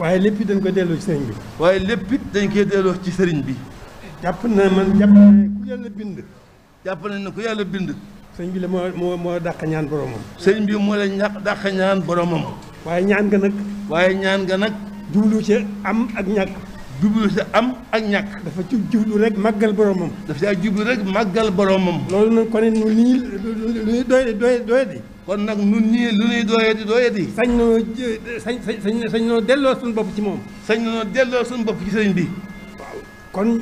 waaye lépp dañ ko delloo ci sëriñ bi. waaye lépp dañ koy delloo ci sëriñ bi. jàpp na man jàpp na ku yàlla bind. jàpp nañ ne ku yàlla bind. sëriñ bi la moo moo moo dàq ñaan boromam. sëriñ bi moo la ñàq dàq ñaan boromam. waaye ñaan nga nag. waaye ñaan nga nag. jublu ci am ak ñàkk. jublu ci am ak ñàkk. dafa ci jublu rek màggal boromam. dafa ci jublu rek màggal boromam. loolu nag kon ni lu ñuy doy doy doy di. kon nag nun ñii lu ñuy dooyati dooyati. sañ noo sañ sañ sañ noo delloo suñu bopp ci moom. sañ noo delloo suñu bopp ci sëriñ bi. kon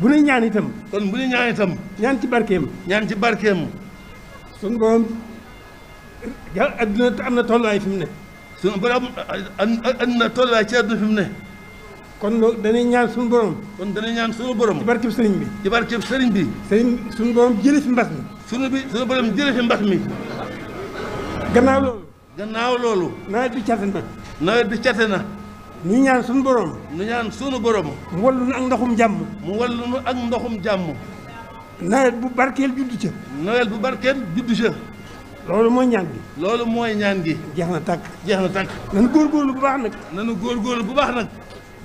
bu nuy ñaan itam. kon bu nuy ñaan itam. ñaan ci barkeem. ñaan ci barkeem. suñu borom ja adduna am na tolluwaay fi mu ne. suñu borom am na tolluwaay ci adduna fi mu ne. kon loolu dañuy ñaan suñu borom. kon dañuy ñaan suñu borom. ci barkeem sëriñ bi. ci barkeem sëriñ bi. sëriñ suñu borom jëlee fi mbas mi. suñu bi suñu borom jëlee fi mbas mi. gannaaw loolu. gannaaw loolu. nawet bi cate na. nawet bi cate na. ñu ñaan suñu borom. ñu ñaan suñu borom. mu wallu nu ak ndoxum jàmm. mu wallu nu ak ndoxum jàmm. nawet bu barkeel juddu ca. nawet bu barkeel juddu ca. loolu mooy ñaan gi. loolu mooy ñaan gi. jeex na tàkk. jeex na tàkk. góor góorgóorlu bu baax nag. góor góorgóorlu bu baax nag.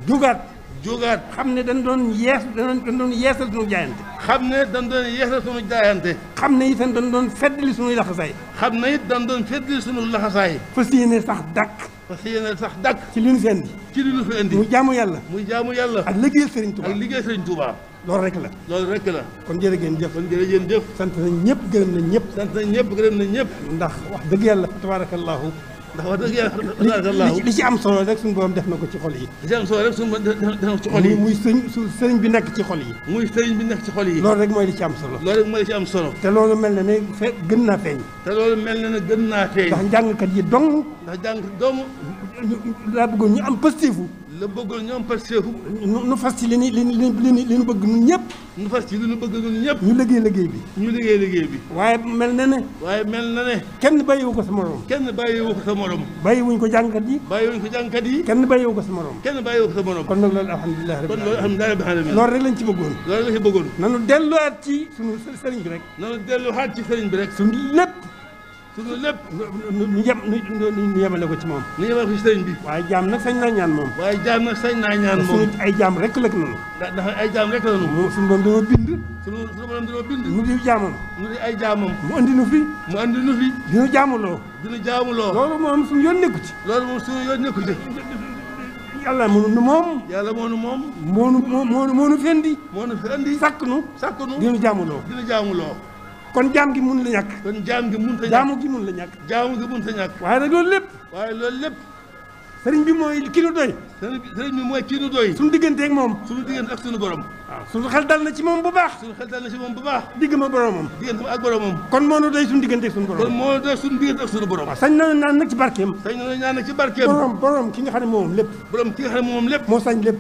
jugaat. jógaat xam ne dañ doon yees dañ doon yeesal suñu jaayante xam ne dañ doon yeesal suñu jaayante xam ne itam dañ doon feddali suñuy laxasaay xam ne it dañ doon feddali suñu laxasaay fas yéene sax dàkk fas yéene sax dàkk ci li ñu fi indi ci li ñu fi indi muy jaamu yàlla muy jaamu yàlla ak liggéey sëriñ Touba ak liggéey sëriñ Touba rek la loolu rek la kon jërë ngeen jëf kon jërë ngeen jëf sant nañ ñëpp gërëm nañ ñëpp sant ñëpp gërëm nañ ñëpp ndax wax dëgg yàlla fa tabarakallahu ndax wax li ci am solo rek suñu borom def na ko ci xol yi li ci am solo rek suñu borom def na ko ci xol yi muy sëñ sëriñ bi nekk ci xol yi muy sëriñ bi nekk ci xol yi loolu rek mooy li ci am solo loolu mooy li am solo te loolu mel na ne fe gën naa feeñ te loolu mel na ne gën naa feeñ ndax njàngkat yi dong ndax jàngkat dong laa bëggoon ñu am pastifu la bëggoon ñoom parce que. nu fas ci li ñu li ñu li ñu bëgg ñun ñëpp. nu fas ci li ñu bëgg ñun ñëpp. ñu liggéey liggéey bi. ñu liggéey liggéey bi. waaye mel na ne. waaye mel na ne. kenn bàyyiwu ko sa morom. kenn bàyyiwu ko sa morom. bàyyiwuñ ko jàngkat yi. bàyyiwuñ ko jàngkat yi. kenn bàyyiwu ko sa morom. kenn bàyyiwu ko sa morom. kon loolu alhamdulilah rabbil alamin. kon loolu loolu rek lañ ci bëggoon. loolu rek lañ ci bëggoon. nanu delluwaat ci sunu sëriñ bi rek. nanu delluwaat ci sëriñ bi rek. suñu lépp te loolu lépp. nu yem nu ko ci moom. nu yemale ko ci sëriñ bi. waaye jaam na sañ naa ñaan moom. waaye jaam nag sañ naa ñaan moom. suñu ay jaam rek la noonu. dafa ay jaam rek la noonu. suñu borom dañoo bind. suñu suñu borom dañoo bind. mu di jaamam. mu di ay jaamam. mu andi nu fi. mu andi nu fi. dinu jaamuloo. dinu jaamuloo. loolu moom suñu yoon nekku ci. loolu moom suñu yoon nekku ci. yàlla moonu nu moom. yàlla moonu moom. moonu moonu fendi. moonu fendi. sakk nu. sakk nu dinu jaamuloo. dinu jaamuloo. kon jaam gi mun la ñàkk. kon jaam gi mun la ñàkk jaamu gi mun la ñàkk. jaamu gi mun la ñàkk. waaye nag loolu lépp. waaye loolu lépp. sëriñ bi mooy kii nu doy sëriñ moom suñu diggante ak suñu borom waaw suñu xel dal na ci moom bu baax suñu xel dal na sañ na naan nag barkeem sañ na naan moom lépp borom moom lépp moo sañ lépp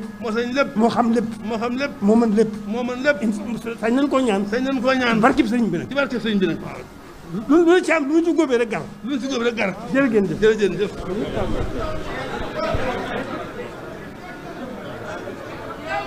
moo ñaan lu lu ci am lu ñu ci góobee rek gar lu ñu ci gar jërëjëf jërëjëf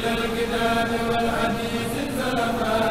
إلى الجدال والحديث سلفا